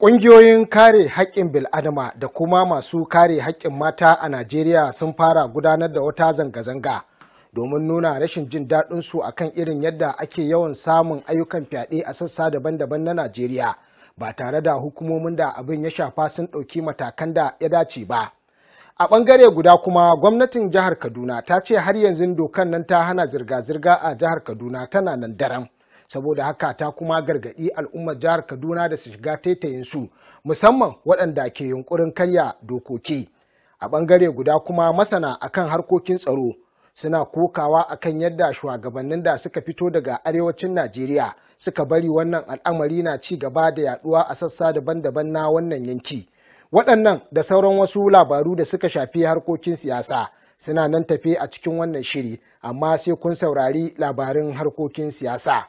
Ƙungiyoyin kare haƙƙin bil'adama da kuma masu kare haƙƙin mata a Najeriya sun fara gudanar da wata zanga-zanga domin nuna rashin jin daɗinsu a kan irin yadda ake yawan samun ayyukan fyaɗe a sassa daban-daban na Najeriya ba tare da hukumomin da abin ya shafa sun ɗauki matakan da ya dace ba. a bangare guda kuma gwamnatin jihar kaduna ta ce har yanzu dokan nan ta hana zirga-zirga a jihar kaduna tana nan daren, saboda haka ta kuma gargaɗi al'ummar jihar kaduna da su shiga taitayinsu musamman waɗanda ke yunkurin karya dokoki a bangare guda kuma masana akan harkokin tsaro suna kokawa akan yadda shugabannin da suka fito daga arewacin najeriya suka bari wannan al'amari na ci gaba da yaduwa a sassa daban-daban na wannan yanki. waɗannan da sauran wasu labaru da suka shafi harkokin siyasa suna nan tafe a cikin wannan shiri amma sai kun saurari labarin harkokin siyasa.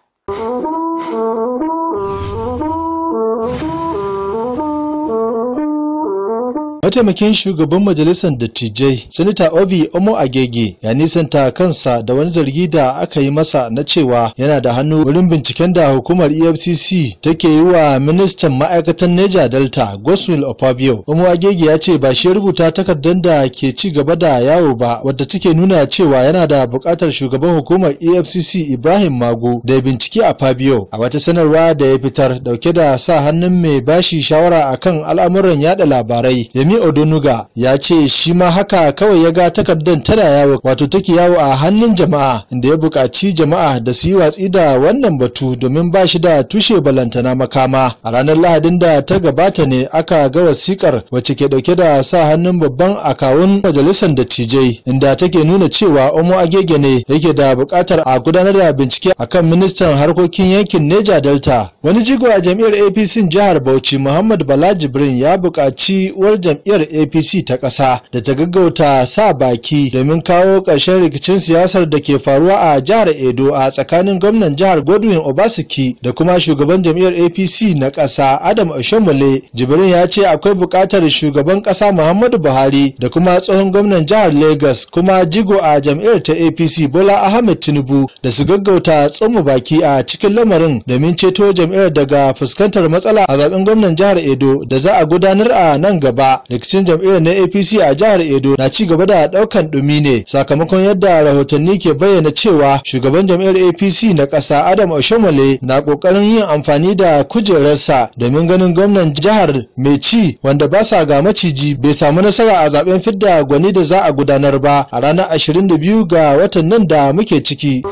mataimakin shugaban majalisar dattijai sanita ovi omo agege ya nisanta kansa da wani zargi da aka yi masa na cewa yana da hannu wurin binciken da hukumar efcc take yi wa ministan ma'aikatan neja delta goswil opabio omo agege ya ce ba shi ya rubuta takardar da ke ci gaba da yawo ba wadda take nuna cewa yana da buƙatar shugaban hukumar efcc ibrahim Magu da ya bincike a fabio a wata sanarwa da ya fitar dauke da sa hannun mai bashi shawara akan al'amuran yada labarai Yemi Odonuga ya ce shi ma haka kawai ya ga takardar tana yawo wato take yawo a hannun jama'a inda ya buƙaci jama'a da su yi watsi da wannan batu domin ba shi da tushe balantana makama. A ranar Lahadin da ta gabata ne aka ga wasikar wacce ke ɗauke da sa hannun babban akawun majalisar dattijai inda take nuna cewa Omo Agege ne yake da buƙatar a gudanar da bincike akan ministan harkokin yankin Neja Delta. Wani jigo a jam'iyyar APC jihar Bauchi Muhammad Bala Jibrin ya buƙaci uwar jam'iyyar jam'iyyar apc ta ƙasa da ta gaggauta sa baki domin kawo ƙarshen rikicin siyasar da ke faruwa a jihar edo a tsakanin gwamnan jihar godwin obasiki da kuma shugaban jam'iyyar apc na ƙasa adam oshomole jibrin ya ce akwai buƙatar shugaban ƙasa muhammadu buhari da kuma tsohon gwamnan jihar lagos kuma jigo a jam'iyyar ta apc bola ahmed tinubu da su gaggauta tsoma baki a cikin lamarin domin ceto jam'iyyar daga fuskantar matsala a zaben gwamnan jihar edo da za a gudanar a nan gaba rikicin jam'iyyar na apc a jihar edo na ci gaba da daukan dumi ne sakamakon yadda rahotanni ke bayyana cewa shugaban jam'iyyar apc na ƙasa adam oshomole na ƙoƙarin yin amfani da kujerarsa domin ganin gwamnan jihar mai ci wanda ba sa ga maciji bai samu nasara a zaben fidda gwani da za a gudanar ba a ranar 22 ga watan nan da muke ciki.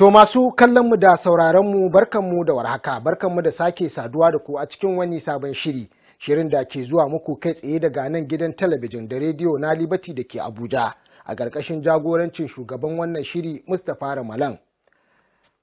To masu kallon mu da mu barkan mu da warhaka barkan mu da sake saduwa da ku a cikin wani sabon shiri shirin da ke zuwa muku kai tsaye daga nan gidan talabijin da rediyo na libati da ke Abuja a ƙarƙashin jagorancin shugaban wannan shiri Mustapha Ramalan.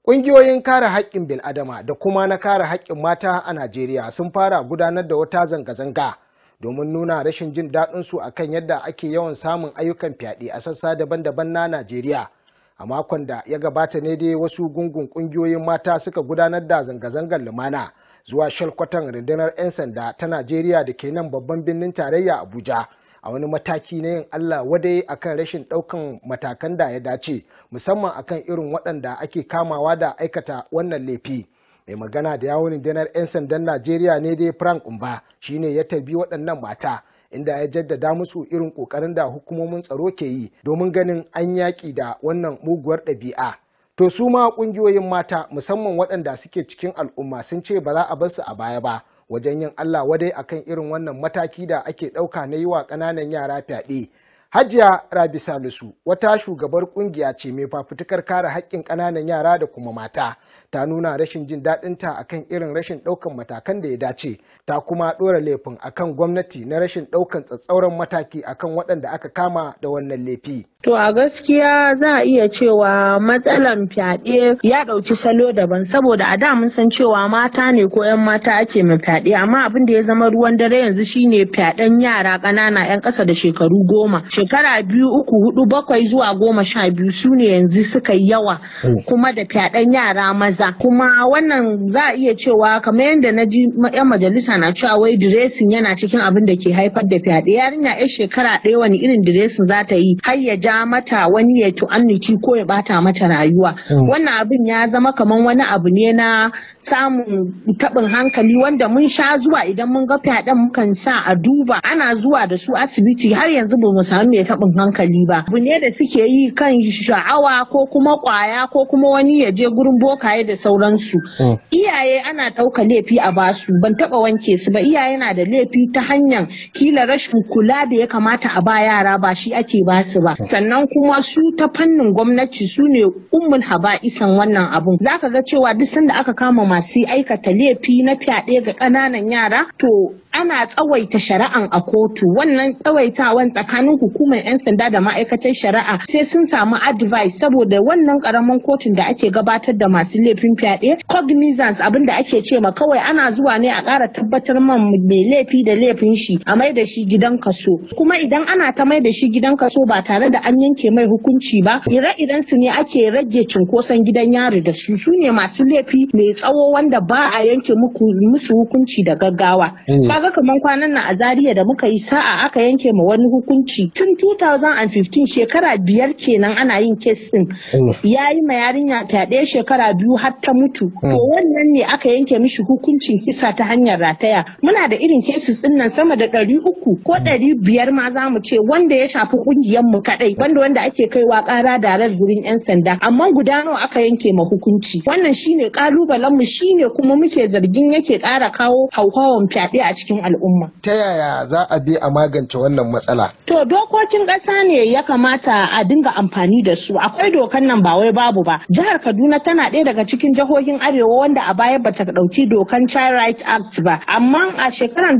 Ƙungiyoyin kare haƙƙin bil'adama da kuma na kare haƙƙin mata a Najeriya sun fara gudanar da wata zanga-zanga domin nuna rashin jin daɗinsu akan yadda ake yawan samun ayyukan fyaɗe a sassa daban-daban na Najeriya. a makon da ya gabata ne dai wasu gungun kungiyoyin mata suka gudanar da zanga-zangar lumana zuwa shalkwatan rundunar 'yan sanda ta najeriya da ke nan babban birnin tarayya abuja a wani mataki na yin allah wadai akan rashin daukan matakan da ya dace musamman akan irin waɗanda ake kamawa da aikata wannan laifi mai magana da yawon rundunar 'yan sandan najeriya ne dai frank umba shine ya tarbi waɗannan mata inda ya jaddada musu irin kokarin da hukumomin tsaro ke yi domin ganin an yaƙi da wannan muguwar ɗabi'a to su ma ƙungiyoyin mata musamman waɗanda suke cikin al'umma sun ce ba za a bar su a baya ba wajen yin allah wadai akan irin wannan mataki da ake ɗauka na yi wa ƙananan yara fyaɗe Hajiya Rabi Salisu wata shugabar kungiya ce mai fafutukar kare haƙƙin ƙananan yara da kuma mata. Ta nuna rashin jin daɗinta akan irin rashin ɗaukan matakan da ya dace. Ta kuma ɗora laifin akan gwamnati na rashin ɗaukan tsatsauran mataki akan waɗanda aka kama da wannan laifi. To a gaskiya za a iya cewa matsalan fyaɗe ya ɗauki salo daban saboda a da mun san cewa mata ne ko 'yan mata ake ma fyaɗe amma abin da ya zama ruwan dare yanzu shine fyaɗen yara ƙanana 'yan ƙasa da shekaru goma. Shekara biyu uku hudu bakwai zuwa goma sha biyu su ne yanzu suka yi yawa oh. kuma da fyaɗen yara maza. Kuma wannan za a iya cewa kamar yadda na ji 'yan majalisa na cewa wai diresin yana cikin abin da ke haifar da fyaɗe yarinya 'yar shekara ɗaya wani irin diresin za ta yi har ya ja mata wani ya annuki ko ya bata mata rayuwa hmm. wannan abin ya zama kaman wani abu ne na samun tabin hankali wanda mun sha zuwa idan mun ga fyaɗen mukan sa a duba ana zuwa da su asibiti har yanzu ba mu samu mai tabin hankali ba abu ne da suke yi kan sha'awa ko kuma kwaya ko kuma wani ya je gurin bokaye da sauransu hmm. iyaye ana ɗauka laifi a basu ban taɓa wanke su ba iyaye na da laifi ta hanyar kila rashin kula da ya kamata a ba yara ba shi ake basu ba hmm. sannan kuma su ta fannin gwamnati su ne ummul isan wannan abun zaka ga cewa duk sanda aka kama masu aikata laifi na fyaɗe ga ƙananan yara to ana tsawaita shari'an a kotu wannan tsawaitawan tsakanin hukumar 'yan sanda da ma'aikatar shari'a sai sun samu advice saboda wannan karamin kotun da ake gabatar da masu laifin fyaɗe cognizance abin da ake ce ma kawai ana zuwa ne a ƙara tabbatar man mai laifi da laifin shi a mai da shi gidan kaso kuma idan ana ta mai da shi gidan kaso ba tare da an yanke mai hukunci ba ire-iren su ne ake rage cunkoson gidan yari da su su ne masu laifi mai tsawo wanda ba a yanke musu hukunci da gaggawa hmm. kaga kaman kwanan nan a Zariya da muka yi sa'a aka yanke ma wani hukunci tun 2015 shekara biyar kenan ana yin kes din hmm. ya yi ma yarinya fyaɗe shekara biyu har ta mutu hmm. to wannan ne aka yanke mishi hukuncin kisa ta hanyar rataya muna da irin kesis din nan sama da ɗari uku ko ɗari biyar ma za mu ce wanda ya shafi ƙungiyar mu kaɗai banda wanda ake kaiwa kara darar gurin yan sanda amma guda nawa aka yanke ma hukunci wannan shine kalubalen mu shine kuma muke zargin yake kara kawo hauhawan fyaɗe a cikin al'umma ta yaya za a bi a magance wannan matsala to dokokin ƙasa ne ya kamata a dinga amfani da su akwai dokan nan ba wai babu ba jihar Kaduna tana ɗaya daga cikin jihohin arewa wanda a baya bata ɗauki dokan Child Rights Act ba amma a shekarar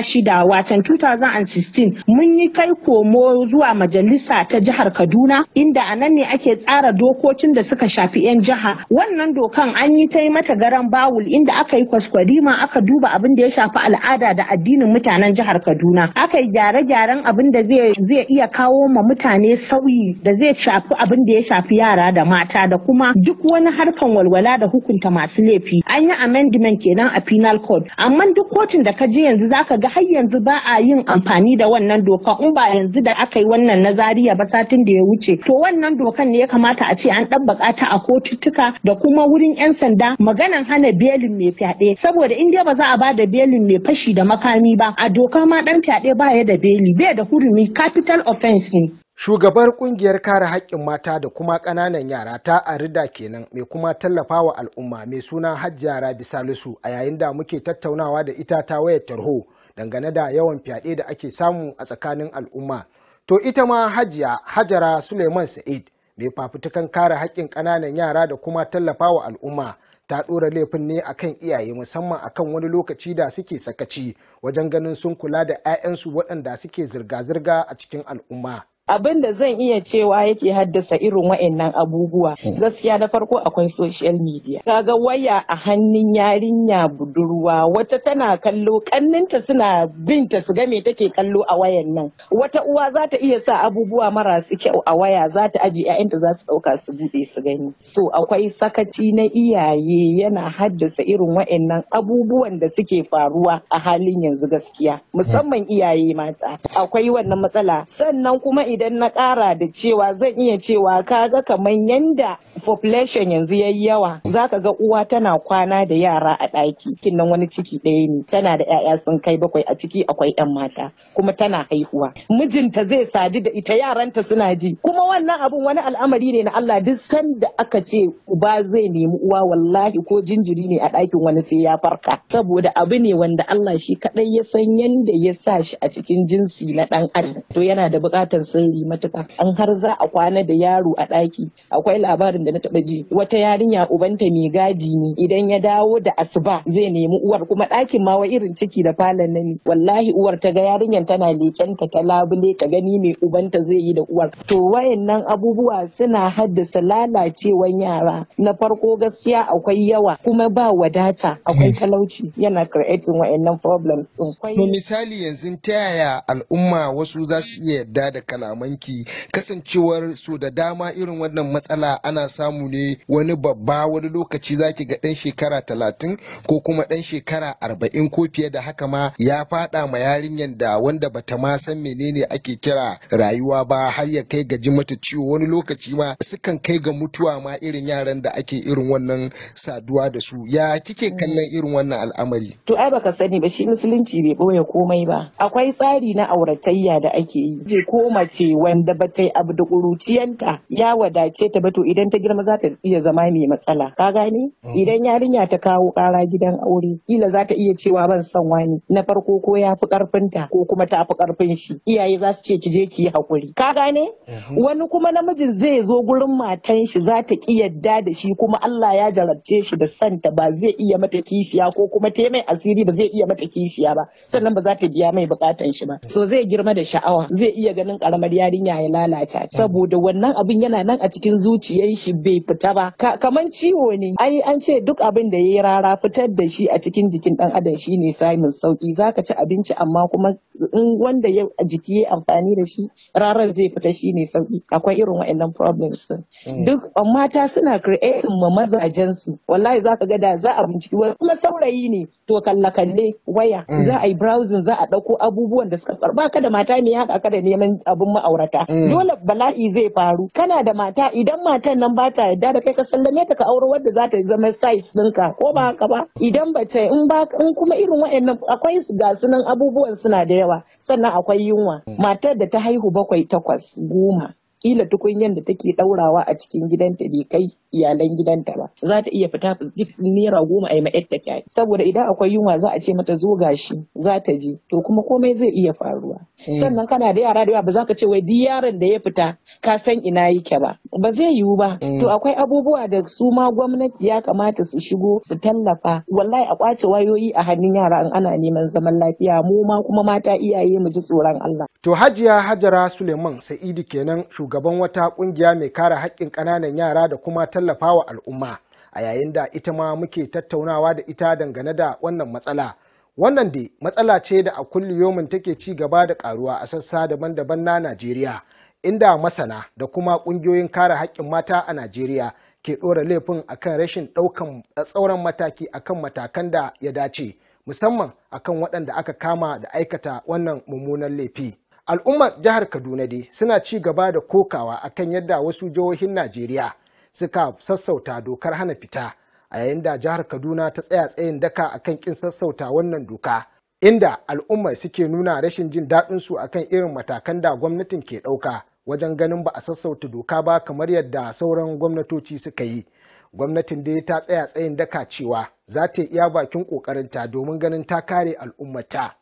shida watan 2016 mun yi kai komo zuwa majalisa ta jihar Kaduna inda a nan ne ake tsara dokokin da suka shafi 'yan jiha. Wannan dokan an yi ta yi mata garan bawul inda aka yi kwaskwarima aka duba abin da ya shafi al'ada da addinin mutanen jihar Kaduna. Aka yi gyare-gyaren abin da zai iya kawo ma mutane sauyi da zai shafi abin da ya shafi yara da mata da kuma duk wani harkan walwala da hukunta masu laifi. An yi amendment kenan a penal code. Amma duk kotun da ka je yanzu ka ga har yanzu ba a yin amfani da wannan doka in ba yanzu da aka wannan na Zariya ba satin da ya wuce to wannan dokan ne ya kamata a ce an ɗabbaka ta a kotuttuka da kuma wurin 'yan sanda maganan hana belin mai fyaɗe saboda in dai ba za a ba da belin mai fashi da makami ba a doka ma ɗan fyaɗe ba ya da beli bai da hurumi capital offense ne. Shugabar kungiyar kare haƙƙin mata da kuma ƙananan yara ta Arida kenan mai kuma tallafawa al'umma mai suna Hajji Rabi Salisu a yayin da muke tattaunawa da ita ta wayar tarho dangane da yawan fyaɗe da ake samu a tsakanin al'umma. to ita ma hajiya hajara suleiman sa'id mai fafutukan kare haƙƙin ƙananan yara da kuma tallafa wa al'umma ta ɗora laifin ne akan iyaye musamman akan wani lokaci da suke sakaci wajen ganin sun kula da 'ya'yansu waɗanda suke zirga-zirga a cikin al'umma abin da zan iya cewa yake haddasa irin wa'annan abubuwa hmm. gaskiya na farko akwai social media kaga waya a hannun yarinya budurwa wata tana kallo kanninta suna binta su ga me take kallo a wayan nan wata uwa za ta iya sa abubuwa marasu kyau a waya za ta aji ƴaƴanta za su ɗauka su buɗe su gani so akwai sakaci na iyaye yana haddasa irin wa'annan abubuwan da suke faruwa a halin yanzu gaskiya musamman iyaye mata akwai wannan matsala sannan kuma idan idan na kara da cewa zan iya cewa kaga kamar yanda population yanzu yayi yawa Za ka ga uwa tana kwana da yara a ɗaki kin nan wani ciki ɗaya ne tana da ƴaƴa sun kai bakwai a ciki akwai 'yan mata kuma tana haihuwa mijinta zai sadu da ita yaranta suna ji kuma wannan abun wani al'amari ne na Allah duk sanda aka ce uba zai nemi uwa wallahi ko jinjiri ne a ɗakin wani sai ya farka saboda abu ne wanda Allah shi kadai ya san yanda ya sa shi a cikin jinsi na ɗan adam to yana da bukatar sun hankali matuka an har za a kwana da yaro a ɗaki akwai labarin da na taɓa ji wata yarinya ubanta mai gadi ne idan ya dawo da asuba zai nemi uwar kuma ɗakin ma wa irin ciki da falon na wallahi uwar ta ga yarinyar tana leƙenta ta ta labule ta gani mai ubanta zai yi da uwar to wayannan abubuwa suna haddasa lalacewan yara na farko gaskiya akwai yawa kuma ba wadata akwai talauci yana creating wayannan problems din to misali yanzu ta yaya al'umma wasu za su iya yarda da kana kalamanki kasancewar su da dama irin wannan matsala ana samu ne wani babba wani lokaci zaki ga dan shekara talatin ko kuma dan shekara arba'in ko fiye da haka ma ya fada ma yarinyar da wanda bata ma san menene ake kira rayuwa ba har ya kai gaji mata ciwo wani lokaci ma sukan kai ga mutuwa ma irin yaran da ake irin wannan saduwa da su ya kike mm. kallon irin wannan al'amari to ai baka sani ba shi musulunci bai boye komai ba akwai tsari na auratayya da ake yi ko mace ce wanda ba ta yi abu da ƙuruciyanta ya wadace ta ba to idan ta girma za ta iya zama mai matsala ka gane mhm. idan yarinya ta kawo ƙara gidan aure kila za ta iya cewa ban san wani na farko ko ya fi ƙarfinta ko kuma ta fi ƙarfin shi iyaye za su ce ki je ki yi haƙuri ka gane mhm. wani kuma namijin zai zo gurin matan shi za ta ki yadda da shi kuma Allah ya jarabce shi da santa ba zai iya mata kishiya ko kuma ta mai asiri ba zai iya mata kishiya ba sannan ba za ta biya mai bukatan shi ba so zai girma da sha'awa zai iya ganin ƙaramar? kamar yarinya ya lalata mm. saboda wannan abin yana nan a cikin zuciyar shi bai fita ba kamar ciwo ne ai an ce duk abin da ya rara fitar da shi a cikin jikin dan adam shine samun sauki zaka ci abinci amma kuma in wanda ya jiki ya amfani da shi rarar zai fita shine sauki akwai irin wa'annan problems din mm. duk mata suna creating ma mazajen su wallahi zaka ga da za a binciki kuma saurayi ne to kalle waya mm. za a yi browsing za a dauko abubuwan da suka karba ka da mata ne haka ka da neman abun ma'aurata mm. dole bala'i zai faru kana da mata idan matan nan ba ta yadda da kai ka sallame ta ka aure wadda za ta zama size ɗinka ko ba haka ba idan ba ta in ba in kuma irin wa'annan akwai su ga sunan abubuwan suna da yawa sannan akwai yunwa mm. matar da ta haihu bakwai takwas goma kila tukunyan da take ɗaurawa a cikin gidanta bai kai iyalan gidanta ba za ta iya fita fix naira goma a yi ma ta kyai saboda idan akwai yunwa za a ce mata zo gashi za ta je, to kuma komai zai iya faruwa hmm. sannan kana da yara da yawa ba za ka ce wai duk yaron da ya fita ka san ina yake ba ba zai yiwu ba hmm. to akwai abubuwa da su ma gwamnati ya kamata su shigo su tallafa wallahi a kwace wayoyi a hannun yara in ana neman zaman lafiya mu ma kuma mata iyaye mu ji tsoron Allah to hajiya hajara suleiman Saidu kenan shugaban wata kungiya mai kare haƙƙin ƙananan yara da kuma tallafawa al'umma a yayin da ita ma muke tattaunawa da ita dangane da wannan matsala wannan dai matsala ce da a kulli yomin take ci gaba da karuwa a sassa daban-daban na najeriya inda masana da kuma ƙungiyoyin kare haƙƙin mata a najeriya ke ɗora laifin akan rashin ɗaukan tsauran mataki akan matakan da ya dace musamman akan waɗanda aka kama da aikata wannan mummunan laifi al'ummar jihar kaduna dai suna ci gaba da kokawa akan yadda wasu jihohin najeriya suka sassauta dokar hana fita a yayin da jihar kaduna ta tsaya tsayin daka akan kin sassauta wannan doka inda al'ummar suke nuna rashin jin daɗin su akan irin matakan da gwamnatin ke ɗauka wajen ganin ba a sassauta doka ba kamar yadda sauran gwamnatoci suka yi gwamnatin dai ta tsaya tsayin daka cewa za ta iya bakin ƙoƙarinta domin ganin ta kare al'ummata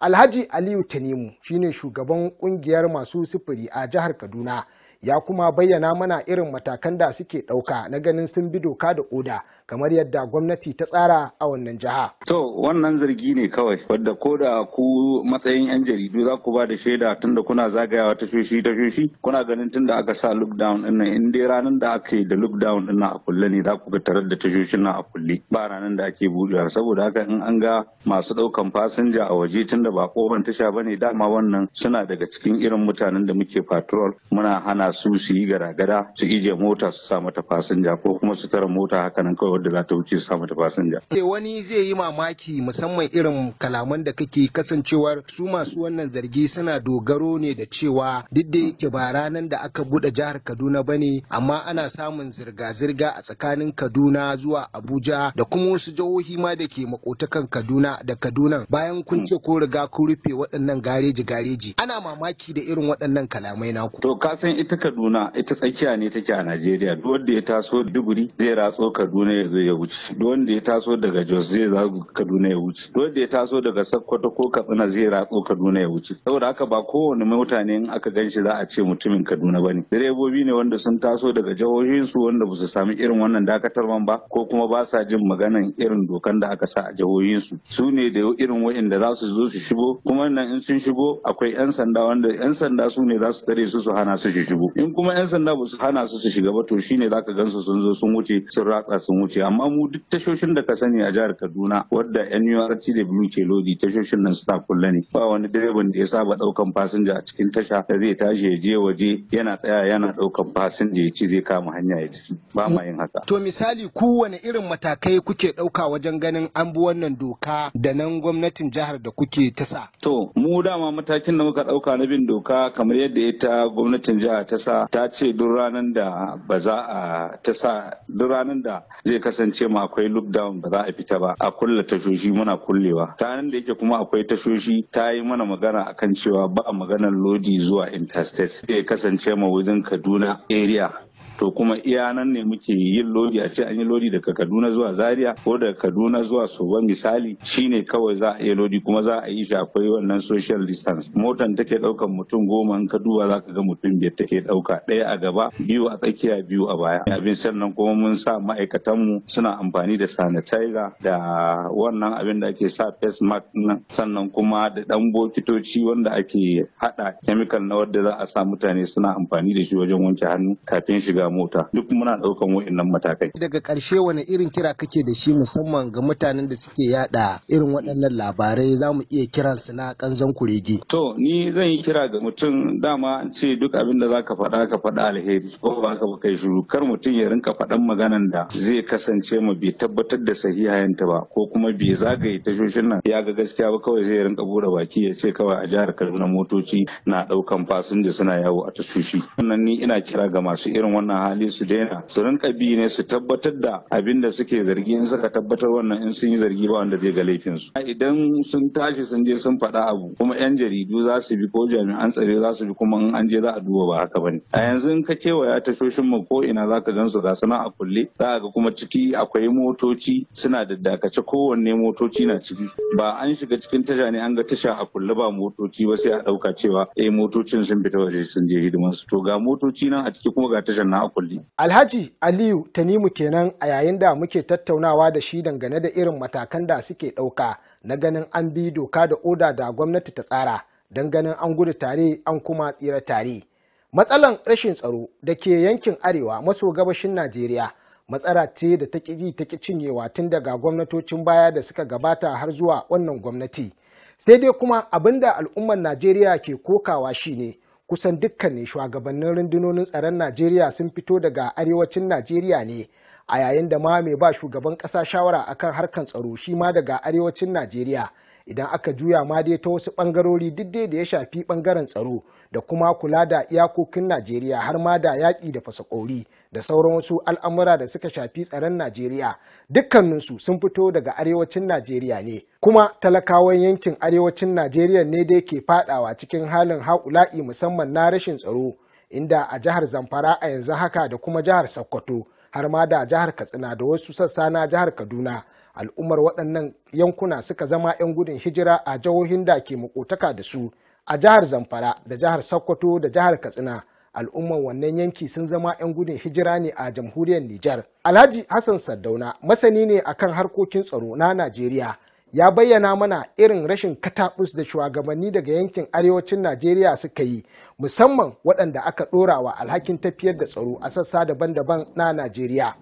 alhaji aliyu tanimu shine shugaban ƙungiyar masu sufuri a jihar kaduna ya kuma bayyana mana irin matakan da suke ɗauka na ganin sun bi doka da oda kamar yadda gwamnati ta tsara a wannan jiha. To wannan zargi ne kawai wadda ko da ku matsayin 'yan jaridu za ku ba da shaida tunda kuna zagayawa tashoshi tashoshi kuna ganin tunda aka sa lockdown ɗin nan in dai ranar da aka yi da lockdown ɗin a kulle ne za ku ga tarar da tashoshin na a kulle ba ranar da ake buɗewa saboda haka in an ga masu ɗaukan fasinja a waje tunda ba koban tasha bane dama wannan suna daga cikin irin mutanen da muke patrol muna hana su su yi gada su ije mota su sa mata fasinja ko kuma su tara mota haka nan kawai wadda za ta wuce su sa mata fasinja. Ke eh, wani zai yi mamaki musamman irin kalaman da kake kasancewar su masu wannan zargi suna dogaro ne da cewa duk da yake ba ranar da aka buɗe jihar Kaduna ba ne", amma ana samun zirga-zirga a tsakanin Kaduna zuwa Abuja da kuma wasu jihohi ma da ke makotakan Kaduna da Kaduna bayan kun ce ko riga kun rufe waɗannan gareji-gareji ana mamaki da irin waɗannan kalamai naku. To ka ita Kaduna ita tsakiya ne take a Najeriya duk wanda ya taso Duguri zai ratso Kaduna ya zo ya wuce duk wanda ya taso daga Jos zai zagu Kaduna ya wuce duk wanda ya taso daga Sokoto ko Katsina zai ratso Kaduna ya wuce saboda haka ba kowane mutane in aka ganshi za a ce mutumin Kaduna bane direbobi ne wanda sun taso daga jihohin su wanda ba su sami irin wannan dakatarwan ba ko kuma ba sa jin maganan irin dokan da aka sa a jihohin su su ne da irin wa'inda za su zo su shigo kuma nan in sun shigo akwai 'yan sanda wanda 'yan sanda su ne za su tare su su hana su shigo in kuma yan sanda ba su hana su su shiga ba to shine zaka gansu sun zo sun wuce sun ratsa sun wuce amma mu duk tashoshin da ka sani a jihar Kaduna wadda NURTW ke lodi tashoshin nan suna kulle ne ba wani direban da ya saba daukan fasinja a cikin tasha da zai tashi ya je waje yana tsaya yana daukan fasinja ya ci zai kama hanya ya ci ba ma yin haka to misali kowane irin matakai kuke dauka wajen ganin an bi wannan doka da nan gwamnatin jihar da kuke tasa to mu dama matakin da muka dauka na bin doka kamar yadda ita gwamnatin jihar ta sa ta ce duk ranar da ba za a ta sa duk da zai kasance ma akwai lockdown ba za a fita ba a kulle tashoshi muna kullewa ta nan da yake kuma akwai tashoshi ta yi mana magana akan cewa ba a maganar lodi zuwa interstate zai kasance ma wajen kaduna area to kuma iya nan ne muke yin lodi a ce an yi lodi daga kaduna zuwa zaria ko daga kaduna zuwa soba misali shine kawai za a yi lodi kuma za a yi shi akwai wannan social distance motan take daukan mutum goma in ka duba za ka ga mutum biyar take dauka ɗaya a gaba biyu a tsakiya biyu a baya abin sannan kuma mun sa ma'aikatanmu suna amfani da sanitizer da wannan abin da ake sa face mask nan sannan kuma da dan bokitoci wanda ake hada chemical na wadda za a sa mutane suna amfani da shi wajen wanke hannu kafin shiga mota duk muna ɗaukan wa'annan matakai. Daga ƙarshe wani irin kira kake da shi musamman ga mutanen da suke yada irin waɗannan labarai za mu iya su na ƙanzan kurege. To ni zan yi kira ga mutum dama ce duk abin da za ka faɗa ka faɗa alheri ko ba ka kai shiru kar mutum ya rinka faɗan maganan da zai kasance ma bai tabbatar da sahihayanta ba ko kuma bai zagaye tashoshin nan ya ga gaskiya ba kawai zai rinka bura baki ya ce kawai a jihar Kaduna motoci na ɗaukan fasinja suna yawo a tashoshi. Wannan ni ina kira ga masu irin wannan hali su daina su rinka bi ne su tabbatar da abin da suke zargi in suka tabbatar wannan in sun yi zargi ba wanda zai ga laifin idan sun tashi sun je sun faɗa abu kuma yan jaridu za su bi ko jami'an tsare za su bi kuma in an je za a duba ba haka bane a yanzu in ka kewaya tashoshin mu ko ina za ka gansu ga suna a kulle za ga kuma ciki akwai motoci suna da dakace kowanne motoci na ciki ba an shiga cikin tasha ne an ga tasha a kulle ba motoci ba sai a ɗauka cewa eh motocin sun fita waje sun je hidimansu to ga motoci nan a ciki kuma ga tashar na kulli. Alhaji Aliyu Tanimu kenan a yayin da muke tattaunawa da shi dangane da irin matakan da suke ɗauka na ganin an bi doka da oda da gwamnati ta tsara don ganin an gudu tare an kuma tsira tare. Matsalan rashin tsaro da ke yankin arewa maso gabashin Najeriya matsala ce da ta ƙi ta ƙi cinyewa tun daga gwamnatocin baya da suka gabata har zuwa wannan gwamnati. Sai dai kuma abin da al'ummar Najeriya ke kokawa shi ne kusan dukkanin shugabannin rundunonin tsaron najeriya sun fito daga arewacin najeriya ne a yayin da ma mai ba shugaban ƙasa shawara akan harkan tsaro shi ma daga arewacin najeriya idan aka juya ma dai ta wasu bangarori diddai da ya shafi bangaren tsaro da kuma kula da iyakokin najeriya har ma da yaƙi da fasakori da sauran wasu al'amura da suka shafi tsaron najeriya dukkaninsu sun fito daga arewacin najeriya ne kuma talakawan yankin arewacin najeriya ne dai ke fadawa cikin halin haƙula'i musamman na rashin tsaro inda a jihar zamfara a yanzu haka da kuma jihar sokoto har ma da jihar katsina da wasu sassa na jihar kaduna al'ummar waɗannan yankuna suka zama 'yan gudun hijira a jihohin da ke makotaka da su a jihar zamfara da jihar sokoto da jihar katsina al'ummar wannan yanki sun zama 'yan gudun hijira ne a jamhuriyar nijar alhaji hassan saddauna masani ne akan harkokin tsaro na najeriya ya bayyana mana irin rashin kataɓus da shugabanni daga yankin arewacin najeriya suka yi musamman waɗanda aka ɗora wa alhakin tafiyar da tsaro a sassa daban-daban na najeriya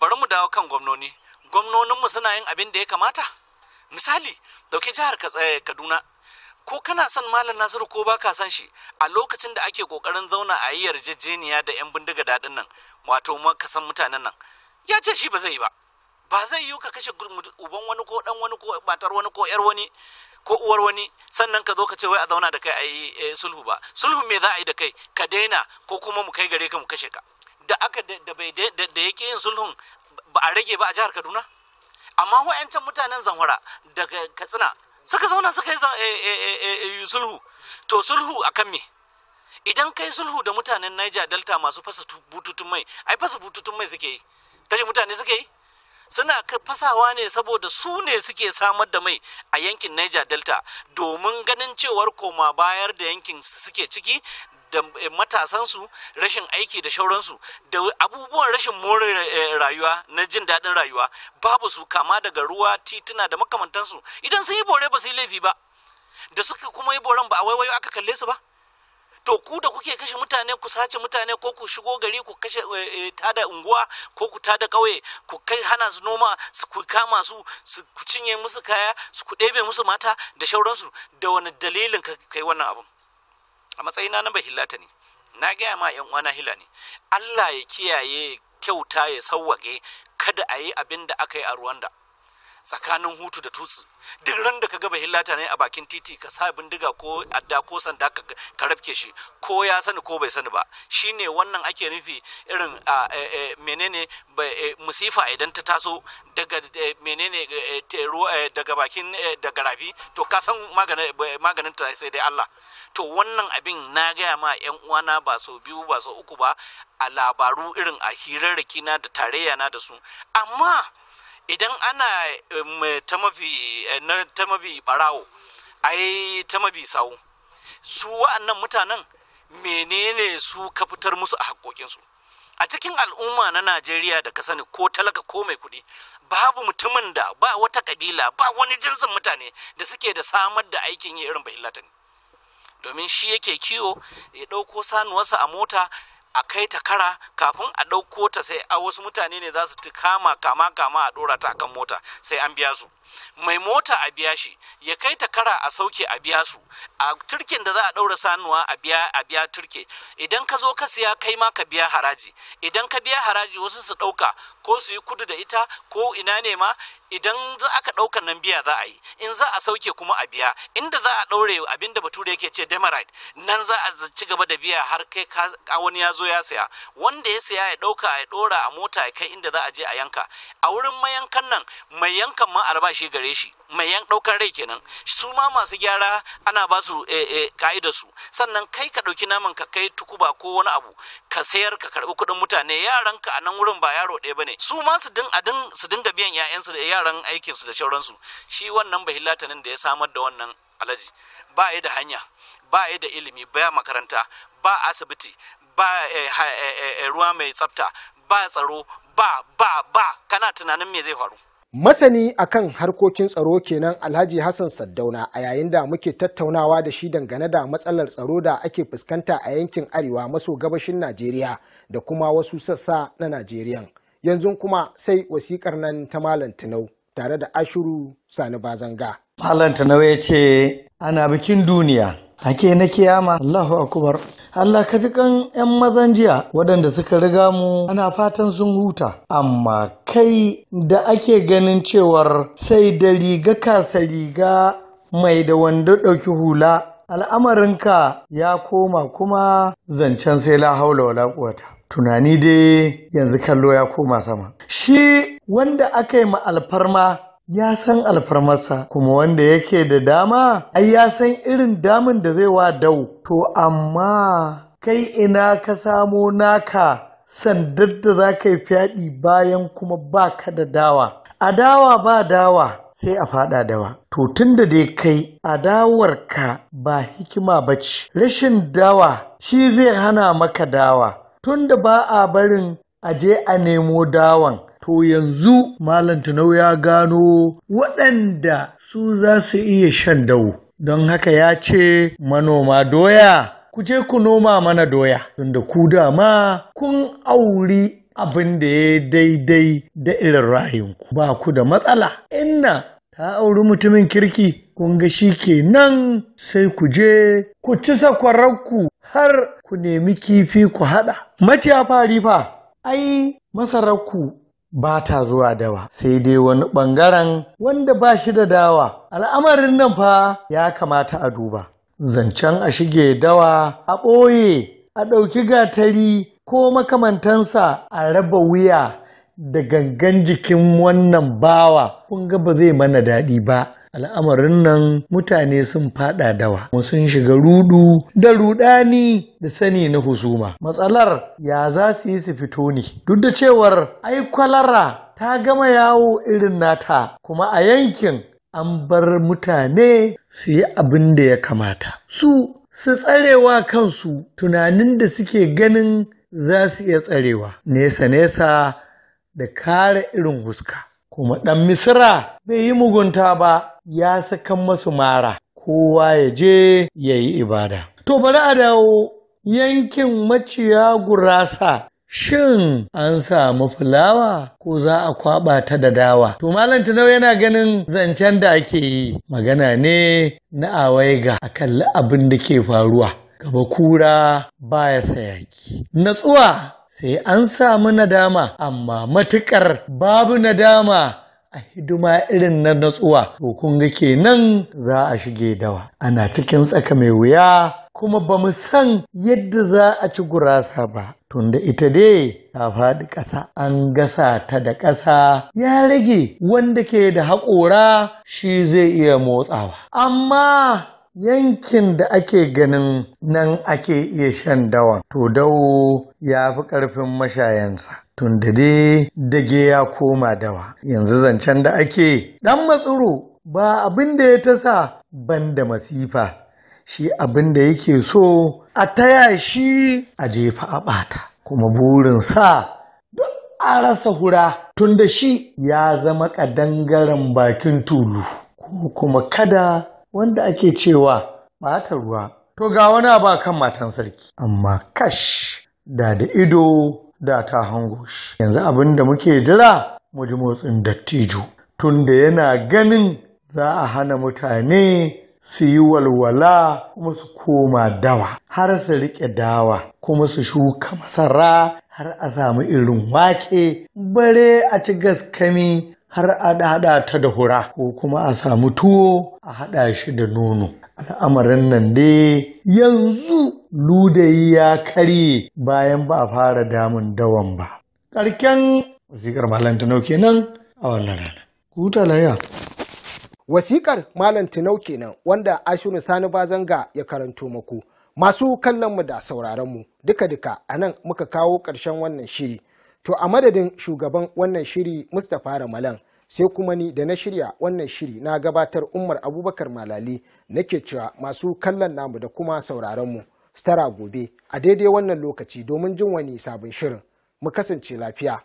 bari mu dawo kan gwamnoni gwamnoninmu suna yin abin da ya kamata misali dauke jihar eh, kaduna ko kana son malam nasiru ko ba ka san shi a lokacin da ake kokarin zauna a yi yarjejeniya da yan bindiga daɗin nan wato ka san mutanen nan ya ce shi ba zai yi ba ba zai yi ka kashe uban wani ko ɗan wani ko matar wani ko yar wani ko uwar wani sannan ka zo ka ce wai a zauna da kai a yi eh, sulhu ba sulhu me za a yi da kai ka daina ko kuma mu kai gare ka mu kashe ka da aka da da yake yin sulhun ba a rage ba a jihar kaduna amma wa'ancan mutanen zanwara daga katsina suka zauna suka yi eh, eh, eh, sulhu to sulhu a kan me idan kai sulhu da mutanen niger delta masu fasa bututun mai ai fasa bututun mai suke yi kashe mutane suke yi suna fasawa ne saboda su ne suke samar da mai a yankin niger delta domin ganin cewar koma bayar da yankin suke ciki da eh, matasansu rashin aiki da shauransu da abubuwan rashin more eh, rayuwa na jin daɗin rayuwa babu su kama daga ruwa tituna da makamantansu idan sun yi bore ba su yi laifi ba da suka kuma yi boren ba a waiwayo aka kalle su ba to ku da kuke kashe mutane ku sace mutane ko ku shigo gari ku kashe eh, tada unguwa ko ku tada kauye ku kai hana su noma su ku kama su ku cinye musu kaya su ku ɗebe musu mata da shauransu da wani dalilin ka kai wannan abun a matsayina na bahillata ne na gaya ma yan uwana hila ne Allah ya kiyaye kyauta ya sauwake kada a yi abin da aka yi a ruwanda. tsakanin hutu da tutsi duk ran da ka gaba hillata ne a bakin titi ka sa bindiga ko adda ko sanda ka rafke shi ko ya sani ko bai sani ba shine wannan ake nufi irin eh, eh, menene eh, musifa idan ta taso daga menene daga bakin daga rafi to ka san maganin ta sai dai Allah to wannan abin na gaya ma yan uwana ba so biyu ba so uku ba a labaru irin a hirarraki na da tarayya na da su amma idan ana um, ta mabi barawo eh, ai ta mabi sawu su wa'annan mutanen menene su ka fitar musu a haƙoƙinsu a cikin al'umma na najeriya da ka sani ko talaka ko mai kuɗi babu mutumin da ba wata ƙabila ba wani jinsin mutane da suke da samar da aikin yi irin bahillata ne domin shi yake kiwo ya ɗauko sanuwarsa a mota a kai ta kara kafin a ɗauko ta sai a wasu mutane ne za su ti kama kama kama a ɗora ta akan mota sai an biya su mai mota a biya shi ya kai ta kara a sauke a biya su a turkin da za a ɗaura sanuwa a biya a biya turke idan ka zo ka siya kai ma ka biya haraji idan ka biya haraji wasu su ɗauka ko su yi kudu da ita ko ina ne ma idan za aka ɗaukar nan biya za a yi in za a sauke kuma a biya inda za a ɗaure abin da bature yake ce demerite nan za a ci gaba da biya har kai wani ya zo ya saya wanda ya saya ya ɗauka ya ɗora a mota ya kai inda za a je a yanka a wurin mayankan nan mai yankan ma albashi gare shi mai yan ɗaukar rai kenan su ma masu gyara ana ba su eh, eh, ka'idar su sannan kai ka ɗauki naman ka kai tukuba ko wani abu ka sayar ka karɓi kuɗin mutane yaran ka a nan wurin ba yaro ɗaya bane su ma su din su dinga biyan 'ya'yansu da yaran aikin su da su shi wannan bahillatanin da ya samar da wannan alaji ba ya da hanya ba ya da ilimi ba makaranta ba asibiti ba eh, ruwa mai tsafta ba tsaro ba ba ba kana tunanin me zai faru Masani akan harkokin tsaro kenan Alhaji Hassan Saddauna a yayin da muke tattaunawa da shi dangane da matsalar tsaro da ake fuskanta a yankin Arewa maso gabashin Najeriya da kuma wasu sassa na Najeriya. Yanzu kuma sai wasikar nan ta Malam Tinau tare da Ashiru Sani Bazanga. Malam Tinau ya ce ana bikin duniya. Ake na kiyama Allahu Akbar Allah ka ji kan 'yan mazan jiya waɗanda suka riga mu ana fatan sun huta amma kai da ake ganin cewar sai da riga kasa riga mai da wanda ɗauki hula al'amarinka ya koma kuma zancen sai la haula wala laƙuwata. tunani dai yanzu kallo ya koma sama shi wanda aka yi ma alfarma ya san alfarmarsa kuma wanda yake da dama ai ya san irin damin da zai wa dau to amma kai ina ka samo naka sandar da za ka yi fyaɗi bayan kuma ba ka da dawa a dawa ba dawa sai a fada dawa to tun da dai kai a ka ba hikima ba ce rashin dawa shi zai hana maka dawa tun da ba a barin a je a nemo dawan To yanzu Malam Tunau ya gano waɗanda su za su iya shan dawo. Don haka ya ce manoma doya, ku je ku noma mana doya, tunda ku dama kun auri abin da ya daidai da irin ra'ayinku ba ku da matsala. Inna ta auri mutumin kirki kun ga shi ke nan, sai ku je ku ci sakwararku har ku nemi kifi ku haɗa. Maciya fari fa, ai masararku ba ta zuwa dawa sai dai wani ɓangaren wanda ba shi da dawa al'amarin nan fa ya kamata a duba zancen a shige dawa a ɓoye a ɗauki gatari ko makamantansa a raba wuya da gangan jikin wannan bawa kun ga ba zai mana daɗi ba al'amarin nan mutane sun fada dawa mu sun shiga rudu da rudani da sani na husuma matsalar ya za su yi su fito ne duk da cewar ai kwalara ta gama yawo irin nata kuma a yankin an bar mutane su yi abin da ya kamata su su tsarewa kansu tunanin da suke ganin za su iya tsarewa nesa nesa da kare irin huska kuma ɗan misira bai yi mugunta ba ya sakan masu mara kowa ya je ya yi ibada to bari a dawo yankin maciya gurasa Shin an samu fulawa ko za a kwaba ta da dawa? To Malam Tinau yana ganin zancen da ake yi magana ne na awaiga a kalli abin da ke faruwa. Gaba kura baya sayaki. Natsuwa sai an samu nadama amma matuƙar babu nadama a hidima irin na natsuwa to kun ga kenan za a shige dawa ana cikin tsaka mai wuya kuma ba mu san yadda za a ci gurasa ba tunda ita dai ta faɗi ƙasa an gasa ta da ƙasa ya rage wanda ke da haƙora shi zai iya motsawa amma yankin da ake ganin nan ake iya shan dawa, to dawo ya fi ƙarfin mashayansa tun da dai dage ya koma dawa yanzu zancen da ake ɗan matsuro ba abin da ya ta sa ban da masifa shi abin da yake so a taya shi a jefa a ɓata kuma burinsa duk a rasa hura Tunda shi ya zama ƙadangaren bakin tulu ko kuma kada wanda ake cewa ɓata ruwa to ga wani ba kan matan sarki amma kash da da ido da ta hango shi yanzu abin da muke jira mu ji motsin dattijo tunda yana ganin za a hana mutane su yi walwala kuma su koma dawa har su riƙe dawa kuma su shuka masara har a samu irin wake bare a ci gaskami har a haɗa ta da hura ko kuma a samu tuwo a haɗa shi da nono al'amarin nan dai yanzu ludayi ya karye bayan ba a fara damun dawan ba ƙarken wasiƙar malam tinau kenan a wannan rana huta laya wasikar malam tinau kenan wanda ashiru sani ba bazanga ya karanto maku masu kallon mu da sauraron mu duka-duka a nan muka kawo ƙarshen wannan shiri to a madadin shugaban wannan shiri mustapha ramalan sai kuma ni da na shirya wannan shiri na gabatar umar abubakar malali nake cewa masu kallon namu da kuma sauraronmu stara gobe a daidai wannan lokaci domin jin wani sabon shirin mu kasance lafiya.